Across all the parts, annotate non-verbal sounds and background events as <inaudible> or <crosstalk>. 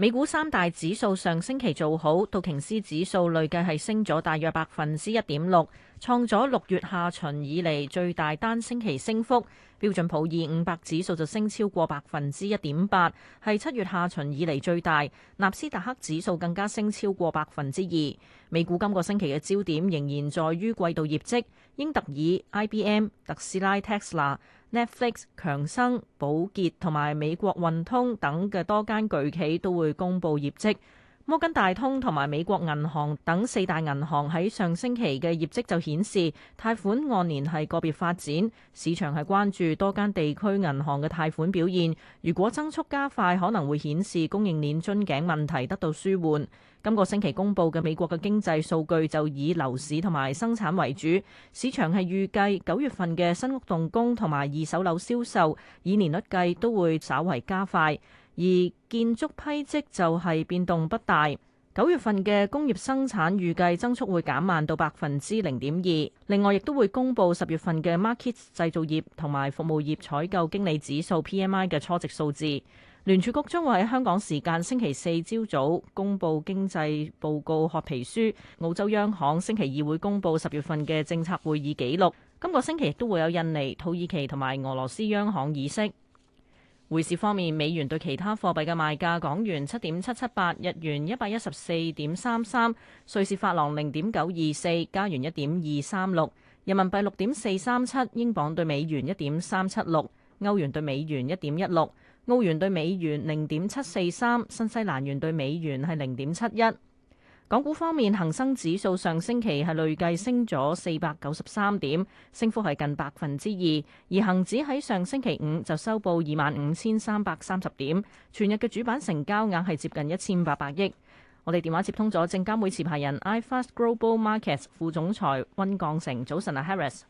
美股三大指數上星期做好，道瓊斯指數累計係升咗大約百分之一點六，創咗六月下旬以嚟最大單星期升幅。標準普爾五百指數就升超過百分之一點八，係七月下旬以嚟最大。納斯達克指數更加升超過百分之二。美股今個星期嘅焦點仍然在於季度業績，英特爾、IBM、特斯拉、Tesla。Netflix、強生、寶潔同埋美國運通等嘅多間巨企都會公布業績。摩根大通同埋美國銀行等四大銀行喺上星期嘅業績就顯示，貸款按年係個別發展。市場係關注多間地區銀行嘅貸款表現，如果增速加快，可能會顯示供應鏈樽頸問題得到舒緩。今個星期公布嘅美國嘅經濟數據就以樓市同埋生產為主，市場係預計九月份嘅新屋動工同埋二手樓銷售，以年率計都會稍為加快。而建築批准就係變動不大。九月份嘅工業生產預計增速會減慢到百分之零點二。另外，亦都會公布十月份嘅 Markit 製造業同埋服務業採購經理指數 PMI 嘅初值數字。聯儲局將會喺香港時間星期四朝早公布經濟報告褐皮書。澳洲央行星期二會公布十月份嘅政策會議記錄。今個星期亦都會有印尼、土耳其同埋俄羅斯央行議息。匯市方面，美元對其他貨幣嘅賣價：港元七點七七八，日元一百一十四點三三，瑞士法郎零點九二四，加元一點二三六，人民幣六點四三七，英鎊對美元一點三七六，歐元對美元一點一六，澳元對美元零點七四三，新西蘭元對美元係零點七一。港股方面，恒生指數上星期係累計升咗四百九十三點，升幅係近百分之二。而恒指喺上星期五就收報二萬五千三百三十點，全日嘅主板成交額係接近一千八百億。我哋電話接通咗證監會持牌人 iFast Global Markets 副總裁温鋼成，早晨啊，Harris。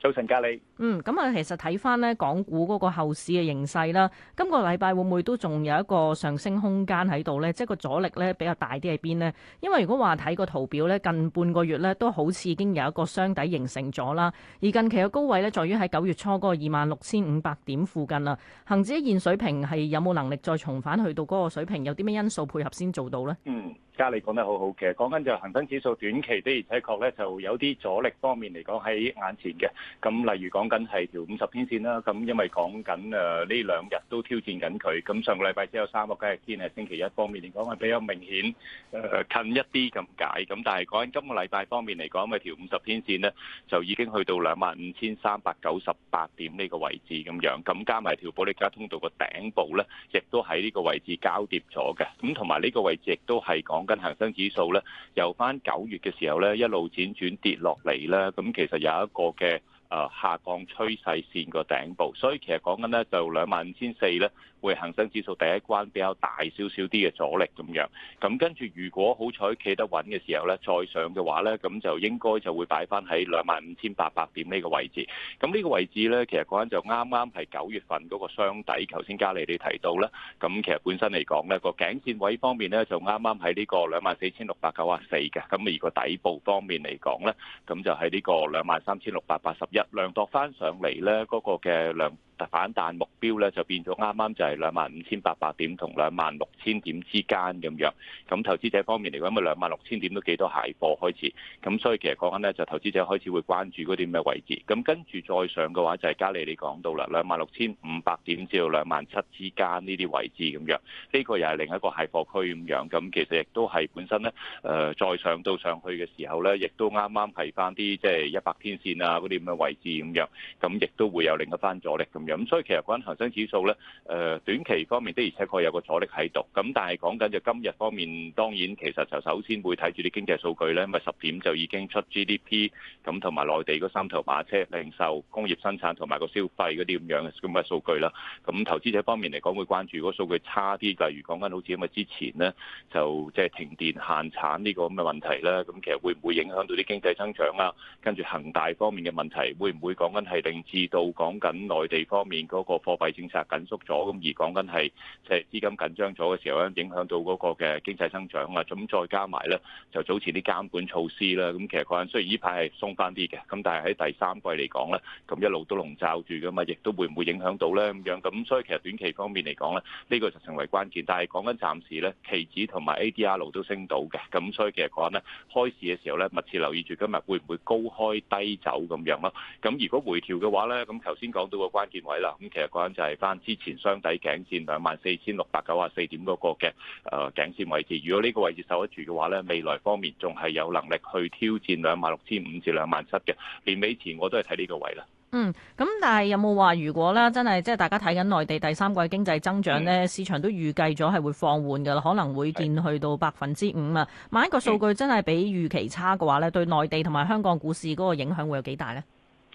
早晨，隔離。嗯，咁啊，其實睇返呢港股嗰個後市嘅形勢啦，今個禮拜會唔會都仲有一個上升空間喺度呢？即係個阻力咧比較大啲喺邊呢？因為如果話睇個圖表咧，近半個月咧都好似已經有一個箱底形成咗啦，而近期嘅高位咧，在於喺九月初嗰個二萬六千五百點附近啦。恒指現水平係有冇能力再重返去到嗰個水平？有啲咩因素配合先做到呢？嗯。家你講得好好嘅，講緊就恒生指數短期的而且確咧就有啲阻力方面嚟講喺眼前嘅。咁例如講緊係條五十天線啦，咁因為講緊誒呢兩日都挑戰緊佢。咁上個禮拜只有三個交易天係星期一方面嚟講係比較明顯誒近一啲咁解。咁但係講緊今個禮拜方面嚟講，咪條五十天線呢，就已經去到兩萬五千三百九十八點呢個位置咁樣。咁加埋條保利加通道個頂部咧，亦都喺呢個位置交疊咗嘅。咁同埋呢個位置亦都係講。跟恒生指數咧，由翻九月嘅時候咧，一路輾轉跌落嚟咧。咁其實有一個嘅，誒下降趨勢線個頂部，所以其實講緊呢就兩萬五千四呢會恒生指數第一關比較大少少啲嘅阻力咁樣。咁跟住如果好彩企得穩嘅時候呢，再上嘅話呢，咁就應該就會擺翻喺兩萬五千八百點呢個位置。咁呢個位置呢，其實講緊就啱啱係九月份嗰個雙底，頭先嘉利你提到呢，咁其實本身嚟講呢個頸線位方面呢，就啱啱喺呢個兩萬四千六百九十四嘅。咁而個底部方面嚟講呢，咁就喺呢個兩萬三千六百八十一。量度翻上嚟咧，嗰個嘅量。反彈目標咧就變咗啱啱就係兩萬五千八百點同兩萬六千點之間咁樣，咁投資者方面嚟講咪兩萬六千點都幾多蟹貨開始，咁所以其實講緊咧就投資者開始會關注嗰啲咩位置，咁跟住再上嘅話就係加利你你講到啦，兩萬六千五百點至到兩萬七之間呢啲位置咁樣，呢、這個又係另一個蟹貨區咁樣，咁其實亦都係本身咧誒、呃、再上到上去嘅時候咧，亦都啱啱係翻啲即係一百、就是、天線啊嗰啲咁嘅位置咁樣，咁亦都會有另一番阻力咁。咁所以其實講緊恒生指數咧，誒、呃、短期方面的而且確有個阻力喺度。咁但係講緊就今日方面，當然其實就首先會睇住啲經濟數據咧，因為十點就已經出 GDP，咁同埋內地嗰三頭馬車零售、工業生產同埋個消費嗰啲咁樣嘅咁嘅數據啦。咁投資者方面嚟講會關注，如果數據差啲，例如講緊好似咁啊之前呢，就即係停電限產呢個咁嘅問題啦，咁其實會唔會影響到啲經濟增長啊？跟住恒大方面嘅問題會唔會講緊係令至到講緊內地方？方面嗰個貨幣政策緊縮咗，咁而講緊係即係資金緊張咗嘅時候咧，影響到嗰個嘅經濟增長啊。咁再加埋咧，就早前啲監管措施啦。咁其實講緊雖然依排係鬆返啲嘅，咁但係喺第三季嚟講咧，咁一路都籠罩住噶嘛，亦都會唔會影響到咧咁樣？咁所以其實短期方面嚟講咧，呢個就成為關鍵。但係講緊暫時咧，期指同埋 ADR 都升到嘅。咁所以其實講緊咧，開市嘅時候咧，密切留意住今日會唔會高開低走咁樣咯。咁如果回調嘅話咧，咁頭先講到個關鍵位啦，咁其實講緊就係翻之前雙底頸線兩萬四千六百九十四點嗰個嘅誒頸線位置。如果呢個位置守得住嘅話咧，未來方面仲係有能力去挑戰兩萬六千五至兩萬七嘅年尾前，我都係睇呢個位啦。嗯，咁但係有冇話如果咧真係即係大家睇緊內地第三季經濟增長咧，嗯、市場都預計咗係會放緩噶啦，可能會見去到百分之五啊。萬一個數據真係比預期差嘅話咧，對內地同埋香港股市嗰個影響會有幾大咧？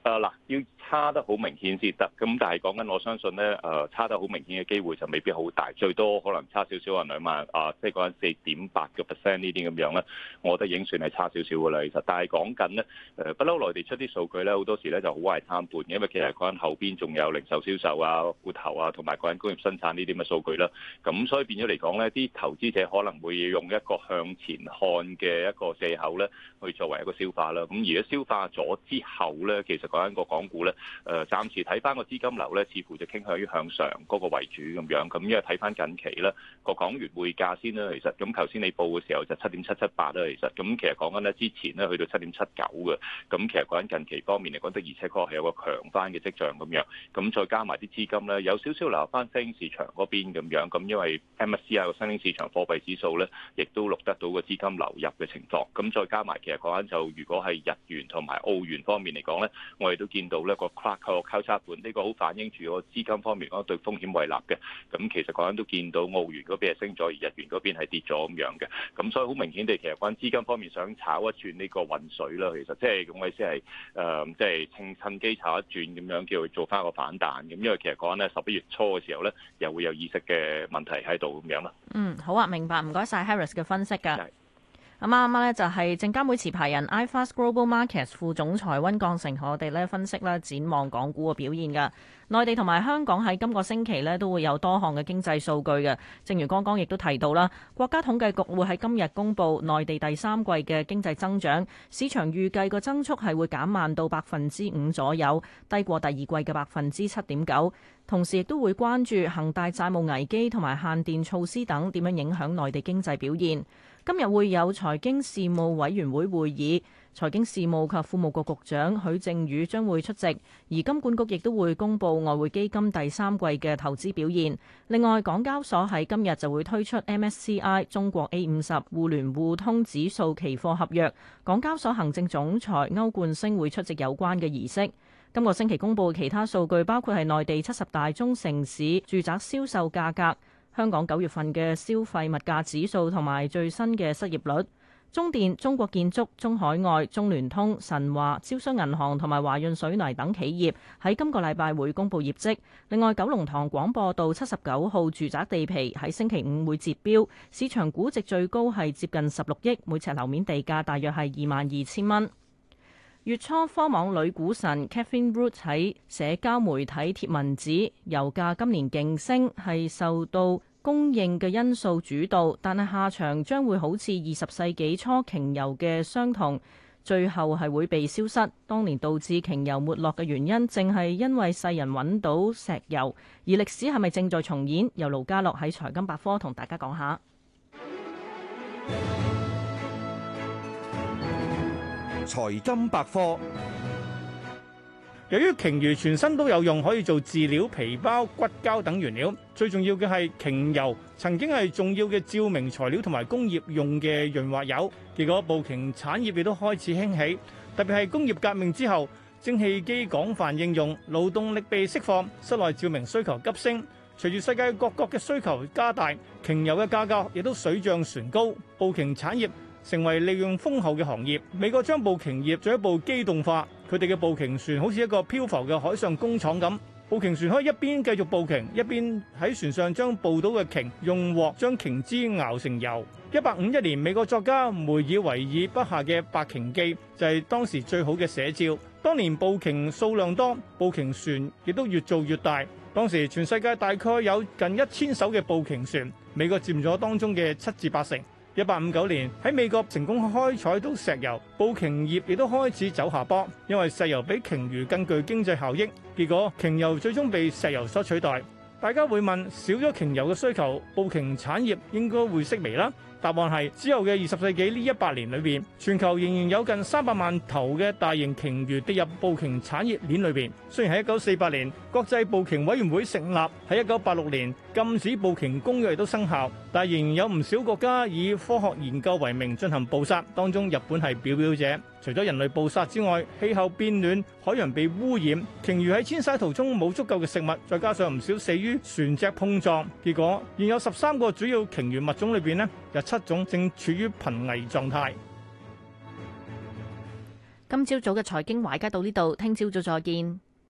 誒嗱，要差得好明顯先得，咁但係講緊，我相信咧，誒差得好明顯嘅機會就未必好大，最多可能差少少啊兩萬啊，即係講緊四點八個 percent 呢啲咁樣啦，我覺得已經算係差少少嘅啦。其實，但係講緊咧，誒不嬲內地出啲數據咧，好多時咧就好壞參半嘅，因為其實講緊後邊仲有零售銷售啊、戶頭啊同埋講緊工業生產呢啲咁嘅數據啦，咁所以變咗嚟講咧，啲投資者可能會用一個向前看嘅一個借口咧，去作為一個消化啦。咁而家消化咗之後咧，其實。講緊個港股咧，誒、呃、暫時睇翻個資金流咧，似乎就傾向於向上嗰個為主咁樣。咁因為睇翻近期咧個港元匯價先啦，其實咁頭先你報嘅時候就七點七七八啦，其實咁其實講緊咧之前咧去到七點七九嘅，咁其實講緊近期方面嚟講，而且確係有個強翻嘅跡象咁樣。咁再加埋啲資金咧，有少少流翻新興市場嗰邊咁樣。咁因為 MSC 啊個新興市場貨幣指數咧，亦都錄得到個資金流入嘅情況。咁再加埋其實講緊就如果係日元同埋澳元方面嚟講咧。我哋都見到咧個跨個交叉盤，呢個好反映住個資金方面嗰對風險為立嘅。咁其實講緊都見到澳元嗰邊係升咗，而日元嗰邊係跌咗咁樣嘅。咁所以好明顯地，其實講緊資金方面想炒一轉呢個混水啦。其實即係咁意思係誒，即係趁趁機炒一轉咁樣，叫做做翻個反彈。咁因為其實講緊咧十一月初嘅時候咧，又會有議息嘅問題喺度咁樣啦。嗯，好啊，明白。唔該晒 Harris 嘅分析㗎。咁啱啱呢就係、是、證監會持牌人 iFast Global Markets 副總裁温鋼成，同我哋呢分析咧展望港股嘅表現嘅。內地同埋香港喺今個星期呢都會有多項嘅經濟數據嘅。正如剛剛亦都提到啦，國家統計局會喺今日公布內地第三季嘅經濟增長，市場預計個增速係會減慢到百分之五左右，低過第二季嘅百分之七點九。同時亦都會關注恒大債務危機同埋限電措施等點樣影響內地經濟表現。今日會有財經事務委員會會議，財經事務及庫務局局長許正宇將會出席，而金管局亦都會公布外匯基金第三季嘅投資表現。另外，港交所喺今日就會推出 MSCI 中國 A 五十互聯互通指數期貨合約，港交所行政總裁歐冠星會出席有關嘅儀式。今個星期公佈其他數據包括係內地七十大中城市住宅銷售價格。香港九月份嘅消費物價指數同埋最新嘅失業率。中電、中國建築、中海外、中聯通、神華、招商銀行同埋華潤水泥等企業喺今個禮拜會公布業績。另外，九龍塘廣播道七十九號住宅地皮喺星期五會截標，市場估值最高係接近十六億，每尺樓面地價大約係二萬二千蚊。月初，科網女股神 Catherine Root 喺社交媒體貼文指，油價今年勁升係受到供應嘅因素主導，但係下場將會好似二十世紀初鯨油嘅相同，最後係會被消失。當年導致鯨油沒落嘅原因，正係因為世人揾到石油。而歷史係咪正在重演？由盧家樂喺財金百科同大家講下。 <music> 財金百科。由於鯨魚全身都有用，可以做飼料、皮包、骨膠等原料，最重要嘅係鯨油，曾經係重要嘅照明材料同埋工業用嘅潤滑油。結果，捕鯨產業亦都開始興起，特別係工業革命之後，蒸汽機廣泛應用，勞動力被釋放，室內照明需求急升。隨住世界各國嘅需求加大，鯨油嘅價格亦都水漲船高，捕鯨產業成為利潤豐厚嘅行業。美國將捕鯨業進一步機動化，佢哋嘅捕鯨船好似一個漂浮嘅海上工廠咁。捕鯨船可以一邊繼續捕鯨，一邊喺船上將捕到嘅鯨用鑊將鯨脂熬成油。一八五一年，美國作家梅爾維爾筆下嘅《白鯨記》就係、是、當時最好嘅寫照。當年捕鯨數量多，捕鯨船亦都越做越大。當時全世界大概有近一千艘嘅捕鯨船，美國佔咗當中嘅七至八成。一八五九年喺美國成功開採到石油，捕鯨業亦都開始走下坡，因為石油比鯨魚更具經濟效益。結果鯨油最終被石油所取代。大家會問，少咗鯨油嘅需求，捕鯨產業應該會式微啦？答案係之後嘅二十世紀呢一百年裏邊，全球仍然有近三百萬頭嘅大型鯨魚跌入捕鯨產業鏈裏邊。雖然喺一九四八年國際捕鯨委員會成立，喺一九八六年禁止捕鯨公約都生效，但仍然有唔少國家以科學研究為名進行捕殺，當中日本係表表者。除咗人類捕殺之外，氣候變暖、海洋被污染、鯨魚喺遷徙途中冇足夠嘅食物，再加上唔少死於船隻碰撞，結果現有十三個主要鯨魚物種裏邊咧，有七一種正處於瀕危狀態。今朝早嘅財經華爾街到呢度，聽朝早再見。